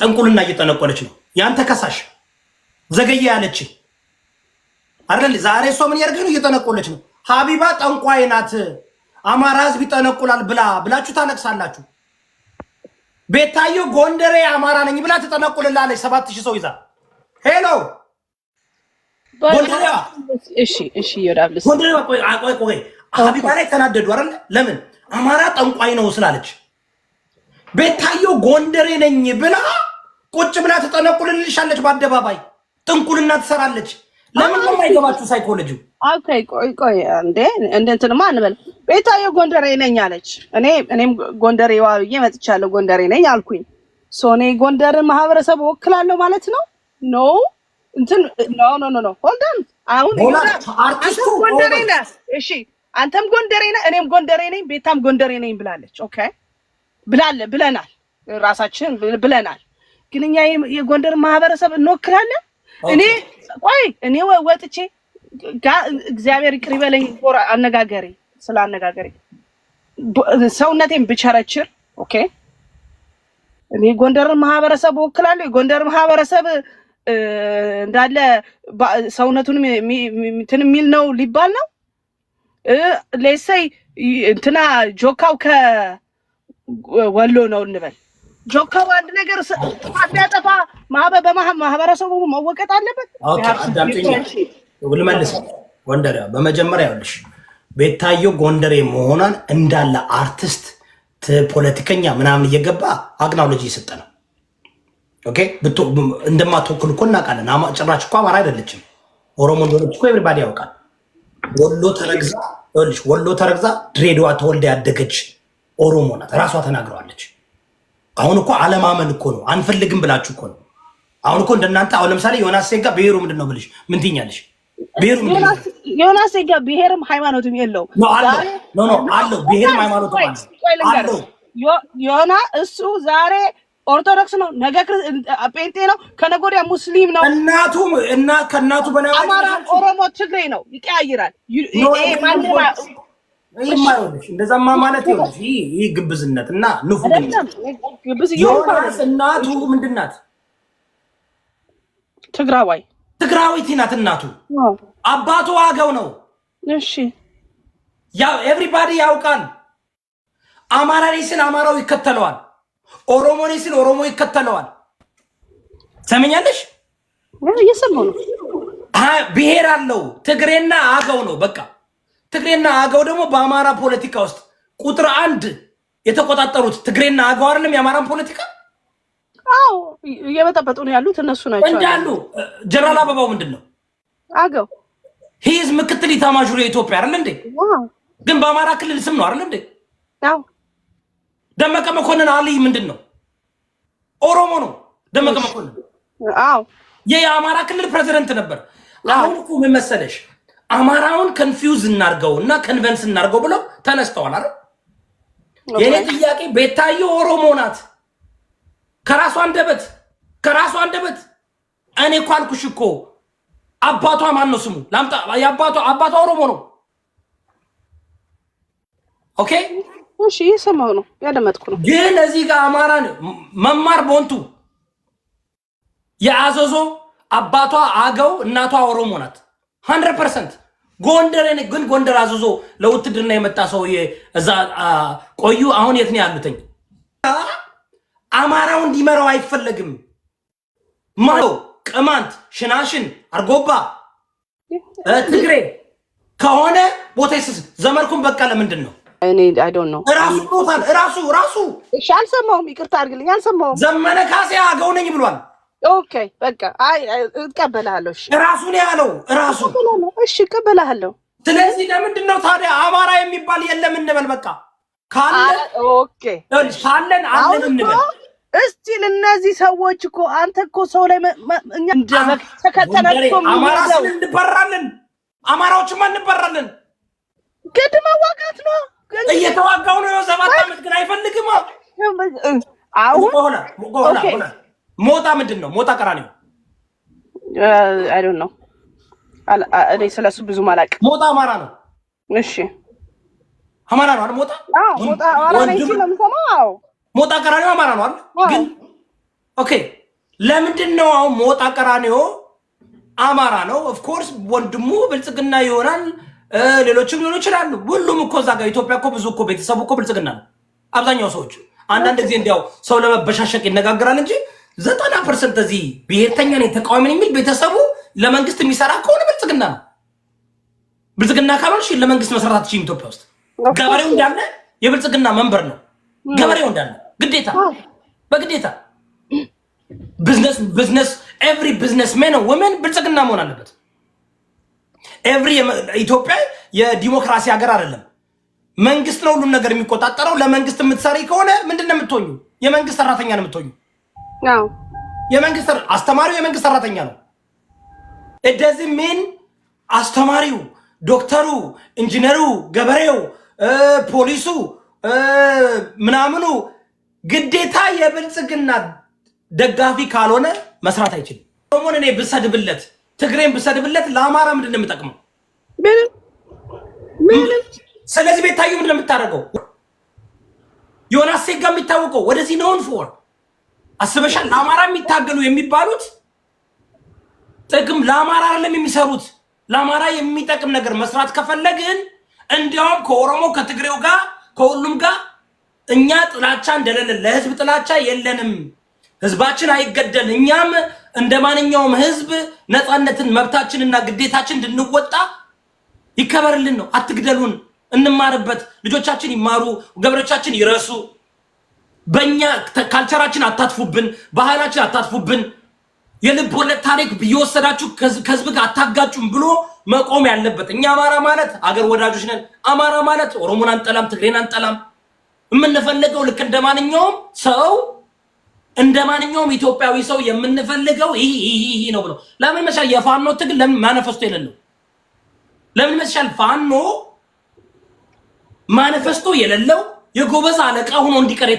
ጥንቁልና እየጠነቆለች ነው። ያንተ ከሳሽ ዘገየ ያለች አይደል? ዛሬ እሷ ምን ያደርገች ነው? እየጠነቆለች ነው። ሀቢባ ጠንቋይ ናት። አማራ ህዝብ ይጠነቁላል ብላ ብላችሁ ታነቅሳላችሁ። ቤታዮ ጎንደሬ አማራ ነኝ ብላ ትጠነቁልላለች። ሰባት ሺህ ሰው ይዛ ሄሎ ሀቢባ ላይ ተናደዱ አይደል? ለምን አማራ ጠንቋይ ነው ስላለች ቤታየው ጎንደሬ ነኝ ብላ ቁጭ ብላ ተጠነቁልልሻለች፣ በአደባባይ ጥንቁልና ትሰራለች። ለምን ነው የማይገባችሁ ሳይኮሎጂው? ኦኬ ቆይ ቆይ፣ እንዴ እንደ እንትንማ እንበል ቤታዬ ጎንደሬ ነኝ አለች። እኔ እኔም ጎንደሬዋ ብዬ መጥቻለሁ፣ ጎንደሬ ነኝ አልኩኝ። ሶ እኔ ጎንደር ማህበረሰብ ወክላለሁ ማለት ነው? ኖ እንትን ኖ ኖ ኖ ኖ ሆልድ ኦን። አሁን አርቲስቱ ጎንደሬ ነህ፣ እሺ አንተም ጎንደሬ ነህ፣ እኔም ጎንደሬ ነኝ፣ ቤታም ጎንደሬ ነኝ ብላለች። ኦኬ ብላለ ብለናል፣ ራሳችን ብለናል ግን እኛ የጎንደር ማህበረሰብ እንወክላለን። እኔ ቆይ እኔ ወጥቼ እግዚአብሔር ይቅር ይበለኝ አነጋገሬ ስለ አነጋገሬ ሰውነቴን ብቸረችር ኦኬ እኔ ጎንደርን ማህበረሰብ እወክላለሁ። የጎንደር ማህበረሰብ እንዳለ ሰውነቱን እንትን የሚል ነው ሊባል ነው። ሌሰይ እንትና ጆካው ከወሎ ነው እንበል ጆከሩ አንድ ነገር ጥፋት ቢያጠፋ በማህበረሰቡ መወቀጥ አለበት። ልመልስ ጎንደሬ፣ በመጀመሪያ ይኸውልሽ ቤታዮ ጎንደሬ መሆኗን እንዳለ አርቲስት፣ ፖለቲከኛ ምናምን እየገባ አቅናውሎጂ እየሰጠ ነው። ኦኬ እንደማትወክል እኮ እናውቃለን። ጭራሽ እኮ አማራ አይደለችም። ኦሮሞ እንደሆነች እኮ ኤቭሪባዲ ያውቃል። ወሎ ተረግዛ ወሎ ተረግዛ ድሬዳዋ ተወልዳ ያደገች ኦሮሞ ናት። ራሷ ተናግረዋለች። አሁን እኮ አለማመን እኮ ነው። አንፈልግም ብላችሁ እኮ ነው። አሁን እኮ እንደናንተ አሁን ለምሳሌ ዮናስ ሴጋ ብሔሩ ምንድን ነው ብልሽ ምን ትይኛለሽ? ብሔሩ ዮናስ ሴጋ ብሔርም ሃይማኖትም የለውም አለው። ብሔርም ሃይማኖት አለው። ዮና እሱ ዛሬ ኦርቶዶክስ ነው፣ ነገ ጴንጤ ነው፣ ከነገ ሙስሊም ነው። እናቱ እና ከእናቱ በና አማራ፣ ኦሮሞ፣ ትግሬ ነው። ይቀያይራል። እንደዛማ ማለት ይህ ግብዝነት እና እናቱ ትግራዋይ ትግራዊት ናት እናቱ። አባቱ አገው ነው። እሺ ኤቭሪባዲ ያውቃል። አማራ አማራው ይከተለዋል። ኦሮሞ ኦሮሞ ይከተለዋል። ሰምኛለሽ? እየሰማሁ ነው። ብሔር አለው። ትግሬና አገው ነው በቃ ትግሬና አገው ደግሞ በአማራ ፖለቲካ ውስጥ ቁጥር አንድ የተቆጣጠሩት ትግሬና አገው አይደለም የአማራን ፖለቲካ አዎ እየበጠበጡ ነው ያሉት እነሱ ናቸው እንጂ አሉ ጀነራል አበባው ምንድን ነው አገው ሂዝ ምክትል ኢታማዦር የኢትዮጵያ አይደል እንዴ ግን በአማራ ክልል ስም ነው አይደል እንዴ አዎ ደመቀ መኮንን አልይ ምንድን ነው ኦሮሞ ነው ደመቀ መኮንን አዎ የአማራ ክልል ፕሬዚደንት ነበር አሁን እኮ ምን መሰለሽ አማራውን ከንፊውዝ እናርገው እና ከንቨንስ እናርገው ብለው ተነስተዋል። አረ የእኔ ጥያቄ ቤታዬ ኦሮሞ ናት። ከራሷ አንደበት ከራሷ አንደበት እኔ እኮ አልኩሽ እኮ አባቷ ማን ነው ስሙ? ላምጣ። የአባቷ አባቷ ኦሮሞ ነው። ኦኬ እሺ፣ የሰማሁ ነው ያደመጥኩ ነው። ግን እዚህ ጋር አማራ መማር ቦንቱ የአዘዞ አባቷ አገው እናቷ ኦሮሞ ናት። ሀንድረድ ፐርሰንት ጎንደር ግን ጎንደር አዝዞ ለውትድርና የመጣ ሰውዬ እዛ ቆዩ። አሁን የት ነው ያሉትኝ? አማራው እንዲመራው አይፈለግም። ማሎ፣ ቅማንት፣ ሽናሽን፣ አርጎባ፣ ትግሬ ከሆነ ቦታ ይስስ ዘመርኩን በቃ ለምንድን ነው ራሱ ቦታል ራሱ ራሱ። እሺ ይቅርታ አድርግልኝ፣ አልሰማውም። ዘመነ ካሴ አገው ነኝ ብሏል። ኦኬ በቃ አይ እቀበላለሁ። እሺ ራሱ ያለው ራሱ። እሺ እቀበላለሁ። ስለዚህ ለምንድን ነው ታዲያ አማራ የሚባል የለም እንበል በቃ ካለን ኦኬ ካለን አለን እንበል እስቲ እነዚህ ሰዎች እኮ አንተ እኮ ሰው ላይ እኛ ተከተናቸው አማራ እንበራለን፣ አማራዎችማ እንበራለን። ግድ መዋጋት ነው፣ እየተዋጋው ነው። ሰባት ዓመት ግን አይፈልግም አሁን ሆነ ሆነ ሞጣ ምንድን ነው? ሞጣ ቀራኒዮ አይ ነው። እኔ ስለሱ ብዙ አላውቅም። ሞጣ አማራ ነው። እሺ አማራ ነው አይደል? ሞጣ አማራ ነው ቀራኒዮ አማራ ነው አይደል? ግን ኦኬ፣ ለምንድን ነው አሁን ሞጣ ቀራኒዮ አማራ ነው? ኦፍኮርስ ወንድሙ ብልጽግና ይሆናል፣ ሌሎችም ሊሆኑ ይችላሉ። ሁሉም እኮ እዛ ጋር ኢትዮጵያ እኮ ብዙ እኮ ቤተሰቡ እኮ ብልጽግና ነው አብዛኛው ሰዎች። አንዳንድ ጊዜ እንዲያው ሰው ለመበሻሸቅ ይነጋገራል እንጂ ዘጠና ፐርሰንት እዚህ ብሔርተኛ ነኝ ተቃዋሚ የሚል ቤተሰቡ ለመንግስት የሚሰራ ከሆነ ብልጽግና ነው። ብልጽግና ካልሆንሽ ለመንግስት መስራት አትችይም። ኢትዮጵያ ውስጥ ገበሬው እንዳለ የብልጽግና መንበር ነው። ገበሬው እንዳለ ግዴታ በግዴታ ቢዝነስ ቢዝነስ ኤቭሪ ቢዝነስ ሜን ወመን ብልጽግና መሆን አለበት። ኤቭሪ ኢትዮጵያ የዲሞክራሲ ሀገር አይደለም። መንግስት ነው ሁሉም ነገር የሚቆጣጠረው። ለመንግስት የምትሰሪ ከሆነ ምንድን ነው የምትሆኙ? የመንግስት ሰራተኛ ነው የምትሆኙ። የመንግስት አስተማሪው የመንግስት ሰራተኛ ነው። እንደዚህ ምን አስተማሪው፣ ዶክተሩ፣ ኢንጂነሩ፣ ገበሬው፣ ፖሊሱ ምናምኑ ግዴታ የብልጽግና ደጋፊ ካልሆነ መስራት አይችልም። ኦሮሞን እኔ ብሰድብለት ትግሬን ብሰድብለት ለአማራ ምንድን ነው የምጠቅመው? ስለዚህ ቤታዩ ምንድን ነው የምታደርገው? ዮናስ ሴጋ የሚታወቀው ወደዚህ ነውን ፎር አስበሻል? ለአማራ የሚታገሉ የሚባሉት ጥቅም ለአማራ አይደለም የሚሰሩት። ለአማራ የሚጠቅም ነገር መስራት ከፈለግን እንዲያውም ከኦሮሞ ከትግሬው ጋር ከሁሉም ጋር እኛ ጥላቻ እንደሌለን ለህዝብ ጥላቻ የለንም። ህዝባችን አይገደል። እኛም እንደ ማንኛውም ህዝብ ነፃነትን መብታችንና ግዴታችን እንድንወጣ ይከበርልን ነው። አትግደሉን፣ እንማርበት። ልጆቻችን ይማሩ፣ ገበሬዎቻችን ይረሱ። በእኛ ካልቸራችን አታጥፉብን፣ ባህላችን አታጥፉብን፣ የልብ ወለድ ታሪክ እየወሰዳችሁ ከህዝብ ጋር አታጋጩም ብሎ መቆም ያለበት። እኛ አማራ ማለት አገር ወዳጆች ነን። አማራ ማለት ኦሮሞን አንጠላም፣ ትግሬን አንጠላም። የምንፈልገው ልክ እንደ ማንኛውም ሰው እንደ ማንኛውም ኢትዮጵያዊ ሰው የምንፈልገው ይህ ነው ብሎ ለምን መሻል የፋኖ ትግል ለምን ማነፈስቶ የሌለው ለምን መሻል ፋኖ ማነፈስቶ የሌለው የጎበዝ አለቃ ሆኖ እንዲቀር